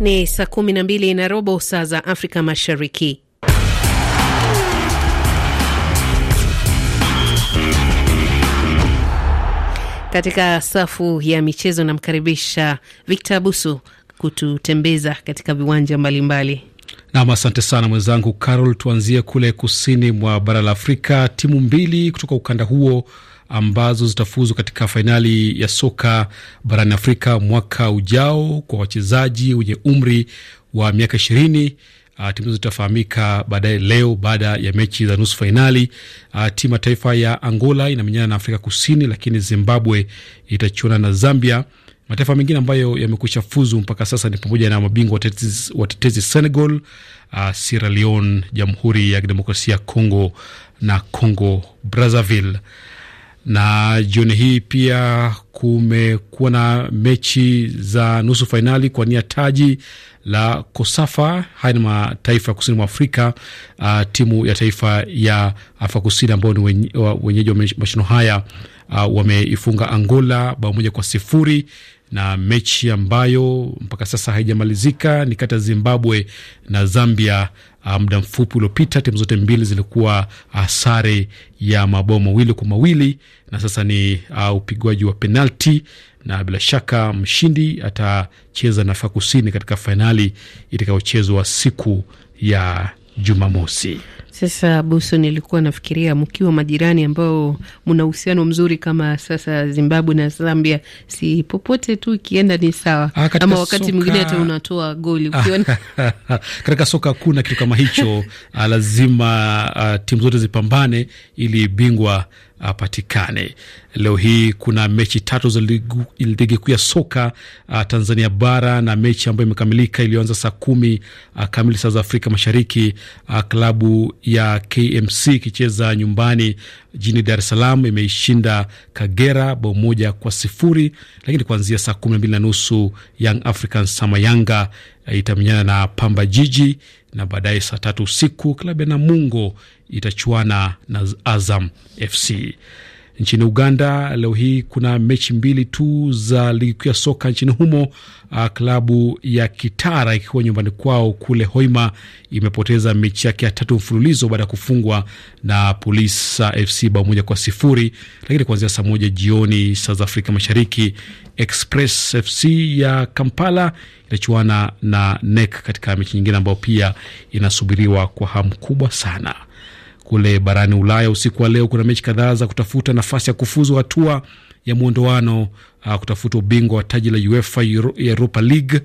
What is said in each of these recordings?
Ni saa kumi na mbili na robo saa za Afrika Mashariki. Katika safu ya michezo namkaribisha Victor abusu kututembeza katika viwanja mbalimbali. Nam, asante sana mwenzangu Carol. Tuanzie kule kusini mwa bara la Afrika. Timu mbili kutoka ukanda huo ambazo zitafuzu katika fainali ya soka barani Afrika mwaka ujao kwa wachezaji wenye umri wa miaka ishirini. Uh, timu hizo zitafahamika baadaye leo baada ya mechi za nusu fainali. Uh, ah, timu ya taifa ya Angola inamenyana na Afrika Kusini, lakini Zimbabwe itachuana na Zambia. Mataifa mengine ambayo yamekwisha fuzu mpaka sasa ni pamoja na mabingwa watetezi Senegal, uh, Sierra Leone, Jamhuri ya Kidemokrasia ya Congo na Congo Brazzaville na jioni hii pia kumekuwa na mechi za nusu fainali kwa nia taji la Kosafa. Haya ni mataifa ya kusini mwa Afrika. Uh, timu ya taifa ya Afrika Kusini ambao ni wenyeji wa mashindano haya uh, wameifunga Angola bao moja kwa sifuri na mechi ambayo mpaka sasa haijamalizika ni kati ya Zimbabwe na Zambia. Ah, muda um, mfupi uliopita timu zote mbili zilikuwa uh, sare ya mabao mawili kwa mawili na sasa ni uh, upigwaji wa penalti, na bila shaka mshindi atacheza na Afrika Kusini katika fainali itakayochezwa siku ya Jumamosi. Sasa Buso, nilikuwa nafikiria mkiwa majirani ambao mna uhusiano mzuri kama sasa Zimbabwe na Zambia, si popote tu ikienda ni sawa, ah, ama wakati mwingine hata unatoa goli ukiona. Katika soka kuna kitu kama hicho. Ah, lazima uh, timu zote zipambane ili bingwa apatikane. Leo hii kuna mechi tatu za ligi kuu ya soka uh, Tanzania bara na mechi ambayo imekamilika iliyoanza saa kumi uh, kamili saa za Afrika Mashariki, uh, klabu ya KMC ikicheza nyumbani jijini Dar es Salaam imeishinda Kagera bao moja kwa sifuri, lakini kuanzia saa kumi na mbili na nusu Young Africans sama Yanga itamenyana na Pamba Jiji na baadaye saa tatu usiku klabu ya Namungo itachuana na Azam FC. Nchini Uganda leo hii kuna mechi mbili tu za ligi kuu ya soka nchini humo. Uh, klabu ya Kitara ikiwa nyumbani kwao kule Hoima imepoteza mechi yake ya tatu mfululizo baada ya kufungwa na Polisi FC bao moja kwa sifuri. Lakini kuanzia saa moja jioni saa za Afrika Mashariki, Express FC ya Kampala inachuana na NEC katika mechi nyingine ambayo pia inasubiriwa kwa hamu kubwa sana. Kule barani Ulaya usiku wa leo kuna mechi kadhaa za kutafuta nafasi ya kufuzu hatua ya mwondoano uh, kutafuta ubingwa wa taji la UEFA Euro, Europa League.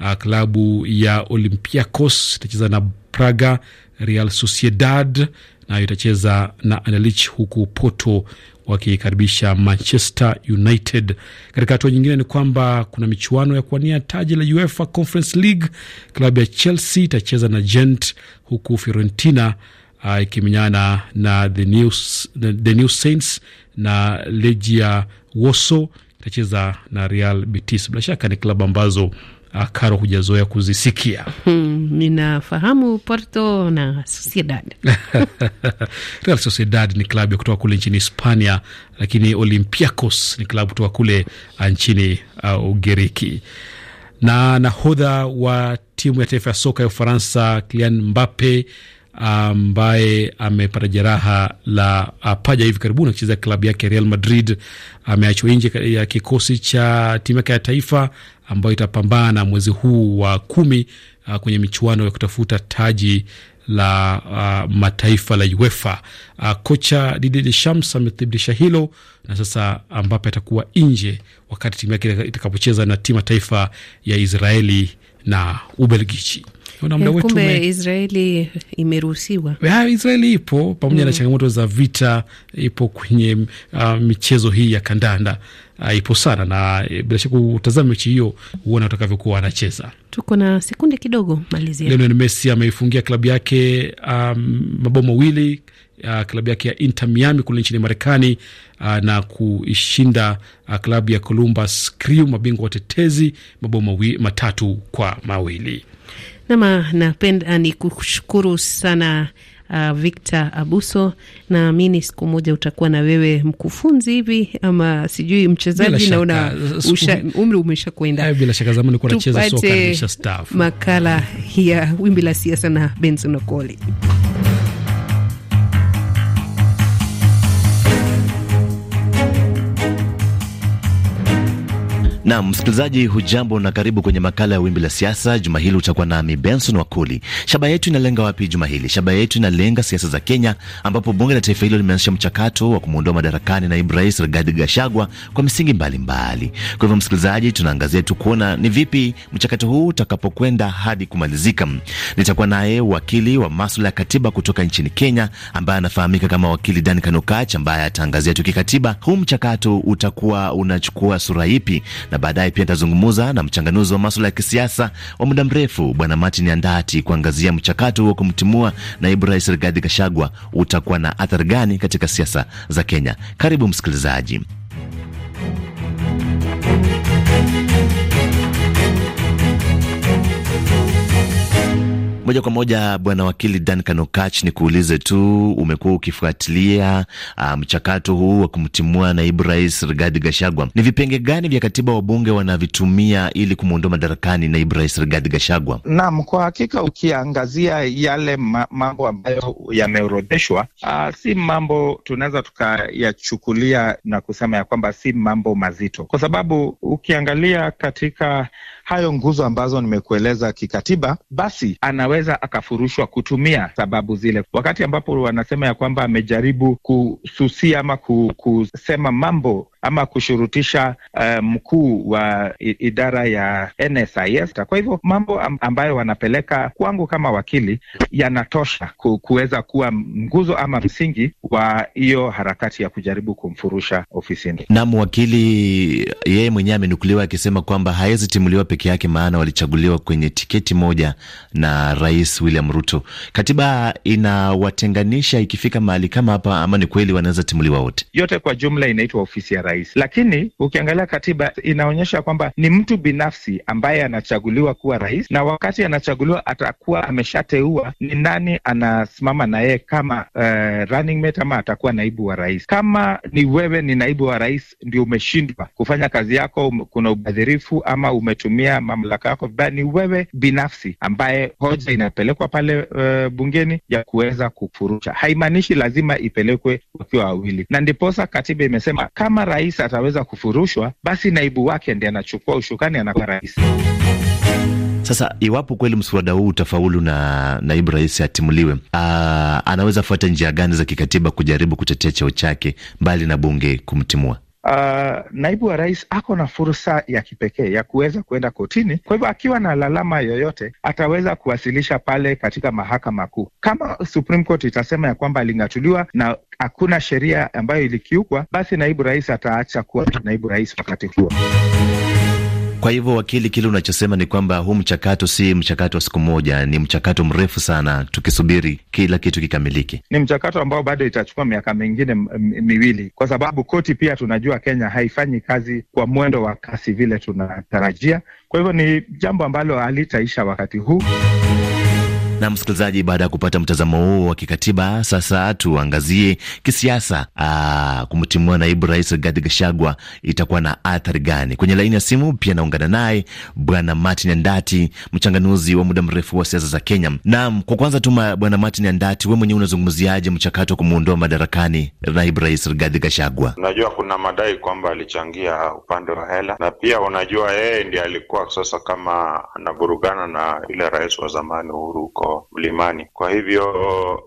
Uh, klabu ya Olympiacos itacheza na Praga, Real Sociedad nayo itacheza na Anderlecht, huku Porto wakikaribisha Manchester United. Katika hatua nyingine ni kwamba kuna michuano ya kuwania taji la UEFA Conference League. Klabu ya Chelsea itacheza na Gent, huku Fiorentina uh, ikimenyana na the new, the new Saints na Legia woso itacheza na Real Betis. Bila shaka ni klabu ambazo uh, karo hujazoea kuzisikia. Hmm, ninafahamu Porto na Sociedad. Real Sociedad ni klabu ya kutoka kule nchini Hispania, lakini Olympiacos ni klabu kutoka kule uh, nchini uh, Ugiriki na nahodha wa timu ya taifa ya soka ya Ufaransa clian mbape ambaye amepata jeraha la ah, paja hivi karibuni akicheza klabu yake Real Madrid. Ameachwa nje ya kikosi cha timu yake ya taifa ambayo itapambana mwezi huu wa kumi a, ah, kwenye michuano ya kutafuta taji la a, ah, mataifa la UEFA. A, kocha Didier Deschamps amethibitisha hilo na sasa ambapo atakuwa nje wakati timu yake itakapocheza na timu ya taifa ya Israeli na Ubelgiji muda eh, wetu kumbe Israeli imeruhusiwa. Israeli ipo pamoja mm. na changamoto za vita, ipo kwenye uh, michezo hii ya kandanda uh, ipo sana na e, bila shaka utazama mechi hiyo huona utakavyokuwa wanacheza. Tuko na sekunde kidogo, malizia. Lionel Messi ameifungia klabu yake um, mabao mawili Uh, klabu yake ya Inter Miami kule nchini Marekani uh, na kuishinda uh, klabu ya Columbus Crew mabingwa watetezi mabao matatu kwa mawili. Nama napenda ah, ni kushukuru sana uh, Victor Abuso. Naamini siku moja utakuwa na wewe mkufunzi hivi ama sijui mchezaji, naona umri umesha kwenda. Eh, bila shaka zamani soka, Makala ya wimbi la siasa na Benson Okoli. Na msikilizaji, hujambo na karibu kwenye makala ya Wimbi la Siasa. Juma hili utakuwa nami Benson Wakuli. Shaba yetu inalenga wapi juma hili? Shaba yetu inalenga siasa za Kenya, ambapo bunge la taifa hilo limeanzisha mchakato wa kumwondoa madarakani naibu rais Rigathi Gachagua kwa misingi mbalimbali Kwa hivyo, msikilizaji, tunaangazia tu kuona ni vipi mchakato huu utakapokwenda hadi kumalizika. Nitakuwa naye wakili wa maswala ya katiba kutoka nchini Kenya ambaye anafahamika kama wakili Dan Kanukach ambaye ataangazia tukikatiba huu mchakato utakuwa unachukua sura ipi na baadaye pia nitazungumza na mchanganuzi wa maswala ya kisiasa wa muda mrefu Bwana Martin Andati kuangazia mchakato wa kumtimua naibu rais Rigathi Gachagua utakuwa na athari gani katika siasa za Kenya. Karibu msikilizaji. Moja kwa moja, bwana wakili dan kanokach ni kuulize tu, umekuwa ukifuatilia ah, mchakato um, huu wa kumtimua naibu rais Rigathi Gachagua. Ni vipenge gani vya katiba wabunge wanavitumia ili kumwondoa madarakani naibu rais Rigathi Gachagua? Naam, kwa hakika ukiangazia yale ma mambo ambayo yameorodheshwa, uh, si mambo tunaweza tukayachukulia na kusema ya kwamba si mambo mazito, kwa sababu ukiangalia katika hayo nguzo ambazo nimekueleza kikatiba, basi anaweza akafurushwa kutumia sababu zile, wakati ambapo wanasema ya kwamba amejaribu kususia ama kusema mambo ama kushurutisha uh, mkuu wa idara ya NSIS. Kwa hivyo mambo ambayo wanapeleka kwangu kama wakili yanatosha kuweza kuwa nguzo ama msingi wa hiyo harakati ya kujaribu kumfurusha ofisini. Nam wakili yeye mwenyewe amenukuliwa akisema kwamba hawezi timuliwa peke yake, maana walichaguliwa kwenye tiketi moja na Rais William Ruto. Katiba inawatenganisha ikifika mahali kama hapa, ama ni kweli wanaweza timuliwa wote? Yote kwa jumla inaitwa ofisi ya rais. Lakini ukiangalia katiba inaonyesha kwamba ni mtu binafsi ambaye anachaguliwa kuwa rais, na wakati anachaguliwa atakuwa ameshateua ni nani anasimama na yeye kama uh, running mate ama atakuwa naibu wa rais. Kama ni wewe ni naibu wa rais ndio umeshindwa kufanya kazi yako, um, kuna ubadhirifu ama umetumia mamlaka yako vibaya, ni wewe binafsi ambaye hoja inapelekwa pale uh, bungeni ya kuweza kufurusha. Haimaanishi lazima ipelekwe wakiwa wawili, na ndiposa katiba imesema kama rais rais ataweza kufurushwa, basi naibu wake ndiye anachukua ushukani, anakuwa rais. Sasa iwapo kweli mswada huu utafaulu na naibu rais atimuliwe, aa, anaweza fuata njia gani za kikatiba kujaribu kutetea cheo chake mbali na bunge kumtimua? uh, naibu wa rais ako na fursa ya kipekee ya kuweza kuenda kotini. Kwa hivyo akiwa na lalama yoyote ataweza kuwasilisha pale katika mahakama kuu. Kama Supreme Court itasema ya kwamba aling'atuliwa na hakuna sheria ambayo ilikiukwa, basi naibu rais ataacha kuwa naibu rais wakati huo. Kwa hivyo wakili, kile unachosema ni kwamba huu mchakato si mchakato wa siku moja, ni mchakato mrefu sana, tukisubiri kila kitu kikamilike. Ni mchakato ambao bado itachukua miaka mingine miwili, kwa sababu koti pia tunajua Kenya haifanyi kazi kwa mwendo wa kasi vile tunatarajia. Kwa hivyo ni jambo ambalo halitaisha wakati huu. Na msikilizaji, baada ya kupata mtazamo huo wa kikatiba, sasa tuangazie kisiasa. Ah, kumtimua naibu rais Rigathi Gachagua itakuwa na athari gani? Kwenye laini ya simu pia naungana naye bwana Martin Andati, mchanganuzi wa muda mrefu wa siasa za Kenya. Naam, kwa kwanza tu bwana Martin Andati, we mwenyewe unazungumziaje mchakato wa kumuondoa madarakani naibu rais Rigathi Gachagua? Unajua kuna madai kwamba alichangia upande wa hela, na pia unajua yeye ndiye alikuwa sasa kama anavurugana na yule rais wa zamani Uhuru mlimani. Kwa hivyo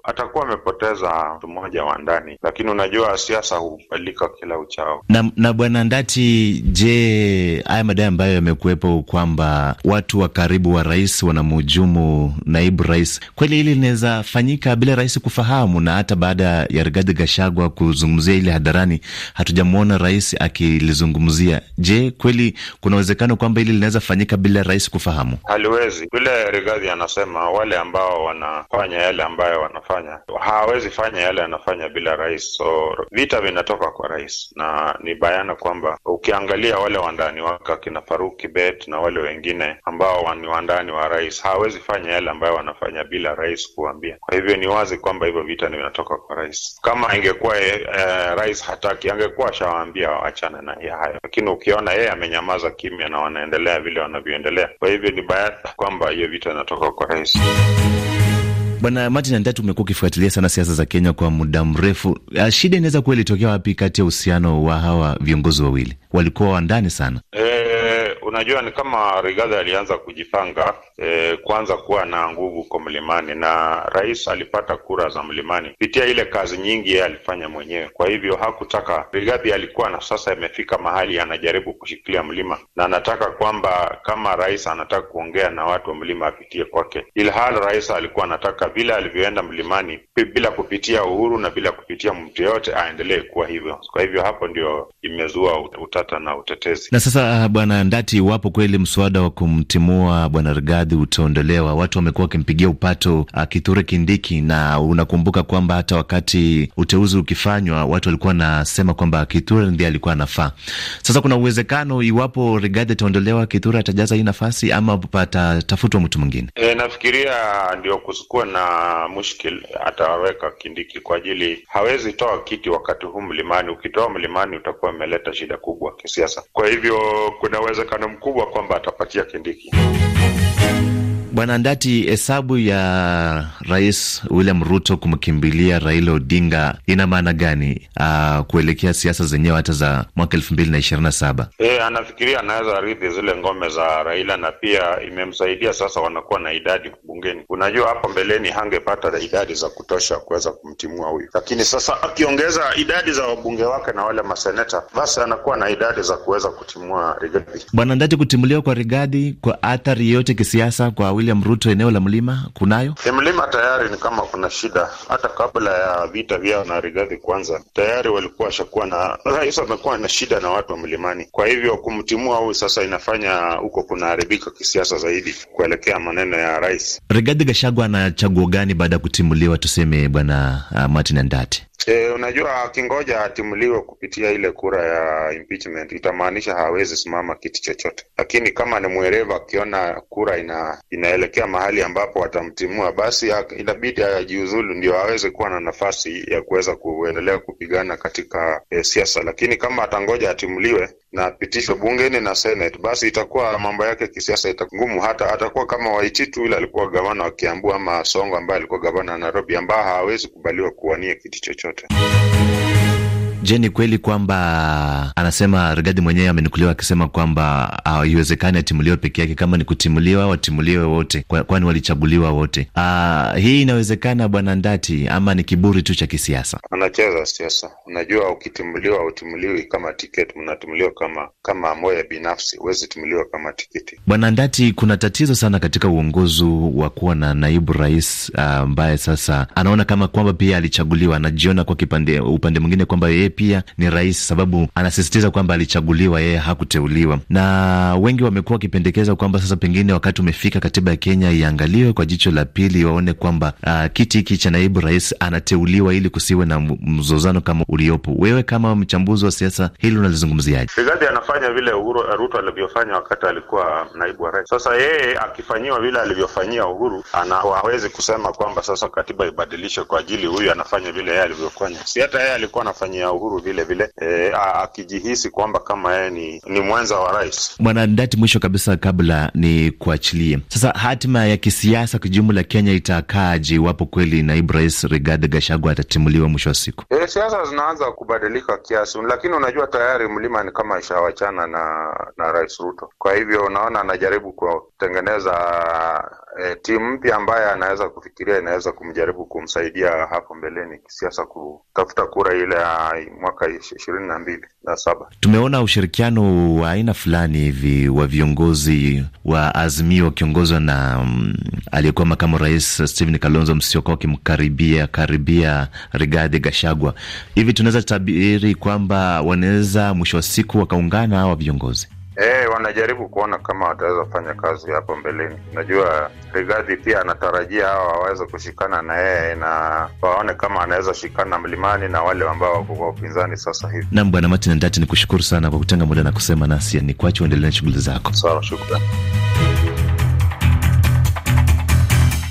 atakuwa amepoteza mtu mmoja wa ndani, lakini unajua siasa hubadilika kila uchao. Na, na bwana Ndati, je, haya madai ambayo yamekuwepo kwamba watu wa karibu wa rais wanamhujumu naibu rais, kweli hili linaweza fanyika bila rais kufahamu? Na hata baada ya Rigathi Gachagua kuzungumzia ile hadharani, hatujamwona rais akilizungumzia. Je, kweli kuna uwezekano kwamba hili linaweza fanyika bila rais kufahamu? Haliwezi. Vile Rigathi anasema wale ambao wanafanya yale ambayo wanafanya hawawezi fanya yale yanafanya bila rais. So vita vinatoka kwa rais, na ni bayana kwamba ukiangalia wale wandani wake wakina Faruk Kibet na wale wengine ambao ni wandani wa rais hawawezi fanya yale ambayo wanafanya bila rais kuambia. Kwa hivyo ni wazi kwamba hivyo vita vinatoka kwa rais. Kama ingekuwa e, rais hataki, angekuwa ashawaambia wachana na hayo, lakini ukiona yeye amenyamaza kimya na wanaendelea vile wanavyoendelea. Kwa hivyo ni bayana kwamba hiyo vita inatoka kwa rais. Bwana Martin Andatu, umekuwa ukifuatilia sana siasa za Kenya kwa muda mrefu. Ah, shida inaweza kuwa ilitokea wapi kati ya uhusiano wa hawa viongozi wawili? Walikuwa wandani sana eh unajua ni kama Rigathi alianza kujipanga e, eh, kwanza kuwa na nguvu huko Mlimani, na rais alipata kura za Mlimani pitia ile kazi nyingi yeye alifanya mwenyewe. Kwa hivyo hakutaka Rigathi alikuwa na sasa imefika mahali anajaribu kushikilia mlima, na anataka kwamba kama rais anataka kuongea na watu wa mlima apitie kwake, ilhal rais alikuwa anataka vile alivyoenda mlimani bila kupitia Uhuru na bila kupitia mtu yeyote aendelee kuwa hivyo. Kwa hivyo hapo ndio imezua utata na utetezi. Na sasa ah, bwana Ndati iwapo kweli mswada wa kumtimua bwana Rigathi utaondolewa, watu wamekuwa wakimpigia upato ah, Kithure Kindiki, na unakumbuka kwamba hata wakati uteuzi ukifanywa watu walikuwa wanasema kwamba Kithure ndiye alikuwa anafaa. Sasa kuna uwezekano iwapo Rigathi ataondolewa, Kithure atajaza hii nafasi ama patatafutwa mtu mwingine? E, nafikiria ndio kusikuwa na mushkil, ataweka Kindiki kwa ajili hawezi toa kiti wakati huu mlimani. Ukitoa mlimani utakuwa umeleta shida kubwa kisiasa, kwa hivyo kuna uwezekano mkubwa kwamba atapatia Kindiki. Bwana Ndati, hesabu ya Rais William Ruto kumkimbilia Raila Odinga ina maana gani uh, kuelekea siasa zenyewe hata za mwaka elfu mbili na ishirini na saba? E, anafikiria anaweza arithi zile ngome za Raila na pia imemsaidia sasa, wanakuwa na idadi bungeni. Unajua hapo mbeleni hangepata idadi za kutosha kuweza kumtimua huyu, lakini sasa akiongeza idadi za wabunge wake na wale maseneta, basi anakuwa na idadi za kuweza kutimua Rigathi. Bwana Ndati, kutimuliwa kwa Rigathi kwa athari yoyote kisiasa kwa William Ruto eneo la mlima kunayo ni mlima tayari, ni kama kuna shida. Hata kabla ya vita vyao na Rigathi kwanza, tayari walikuwa washakuwa na rais, amekuwa na shida na watu wa mlimani. Kwa hivyo kumtimua huyu sasa inafanya huko kunaharibika kisiasa zaidi, kuelekea maneno ya rais. Rigathi Gashagwa ana chaguo gani baada ya kutimuliwa, tuseme bwana uh, Martin Andati? E, unajua akingoja atimuliwe kupitia ile kura ya impeachment itamaanisha hawezi simama kiti chochote, lakini kama ni mwerevu akiona kura ina, inaelekea mahali ambapo watamtimua, basi inabidi ajiuzulu ndio aweze kuwa na nafasi ya kuweza kuendelea kupigana katika e, siasa. Lakini kama atangoja atimuliwe, na apitishwe bungeni na Senate, basi itakuwa mambo yake kisiasa itangumu Hata atakuwa kama Waititu ule alikuwa gavana wa Kiambu ama Songo ambaye alikuwa gavana wa Nairobi, ambaye hawezi kubaliwa kuwania kiti chochote. Je, ni kweli kwamba anasema Rigadi mwenyewe amenukuliwa akisema kwamba ah, haiwezekani atimuliwe peke yake, kama ni kutimuliwa watimuliwe wote, kwani walichaguliwa wote. Aa, ah, hii inawezekana bwana Ndati, ama ni kiburi tu cha kisiasa? Anacheza siasa. Unajua, ukitimuliwa utimuliwi kama tiketi, mnatimuliwa kama kama moya binafsi, huwezi timuliwa kama tiketi. Bwana Ndati, kuna tatizo sana katika uongozi wa kuwa na naibu rais ah, ambaye sasa anaona kama kwamba pia alichaguliwa, anajiona kwa kipande upande mwingine kwamba yeye pia ni rais, sababu anasisitiza kwamba alichaguliwa, yeye hakuteuliwa. Na wengi wamekuwa wakipendekeza kwamba sasa pengine wakati umefika katiba ya Kenya iangaliwe kwa jicho la pili, waone kwamba uh, kiti hiki cha naibu rais anateuliwa ili kusiwe na mzozano kama uliopo. Wewe kama mchambuzi wa siasa, hili unalizungumziaje? Rigathi anafanya vile Uhuru Ruto alivyofanya wakati alikuwa naibu wa rais. Sasa yeye akifanyiwa vile alivyofanyia Uhuru, ana hawezi kusema kwamba sasa katiba ibadilishwe kwa ajili huyu anafanya vile yeye alivyofanya. Si hata yeye alikuwa anafanyia Uhuru Uhuru vile vile e, akijihisi kwamba kama yeye ni, ni mwenza wa rais. Bwana Ndati, mwisho kabisa kabla ni kuachilie sasa, hatima ya kisiasa kijumla Kenya itakaaje iwapo kweli naibu rais Rigathi Gachagua atatimuliwa mwisho wa siku? E, siasa zinaanza kubadilika kiasi, lakini unajua tayari mlima ni kama ishawachana na, na rais Ruto. Kwa hivyo unaona anajaribu kutengeneza e, timu mpya ambaye anaweza kufikiria inaweza kumjaribu kumsaidia hapo mbeleni kisiasa kutafuta kura ile ya mwaka ishirini na mbili na saba. Tumeona ushirikiano wa aina fulani hivi wa viongozi wa Azimio wakiongozwa na um, aliyekuwa makamu rais Stephen Kalonzo Musyoka wakimkaribia karibia Rigathi Gachagua. Hivi tunaweza tabiri kwamba wanaweza mwisho wa siku wakaungana hawa viongozi? E, wanajaribu kuona kama wataweza kufanya kazi hapo mbeleni. najua Rigathi pia anatarajia hawa waweze kushikana na yeye na waone kama anaweza shikana mlimani na wale ambao wako kwa upinzani sasa hivi. Nam, Bwana Martin Ndati, ni kushukuru sana kwa kutenga muda na kusema nasi, ni kuache uendelee na shughuli zako. Sawa, shukrani.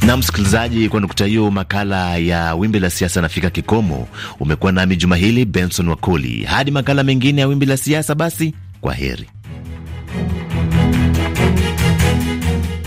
Na msikilizaji, kwa nukta hiyo, makala ya Wimbi la Siasa yanafika kikomo. Umekuwa nami juma hili Benson Wakoli, hadi makala mengine ya Wimbi la Siasa. Basi kwa heri.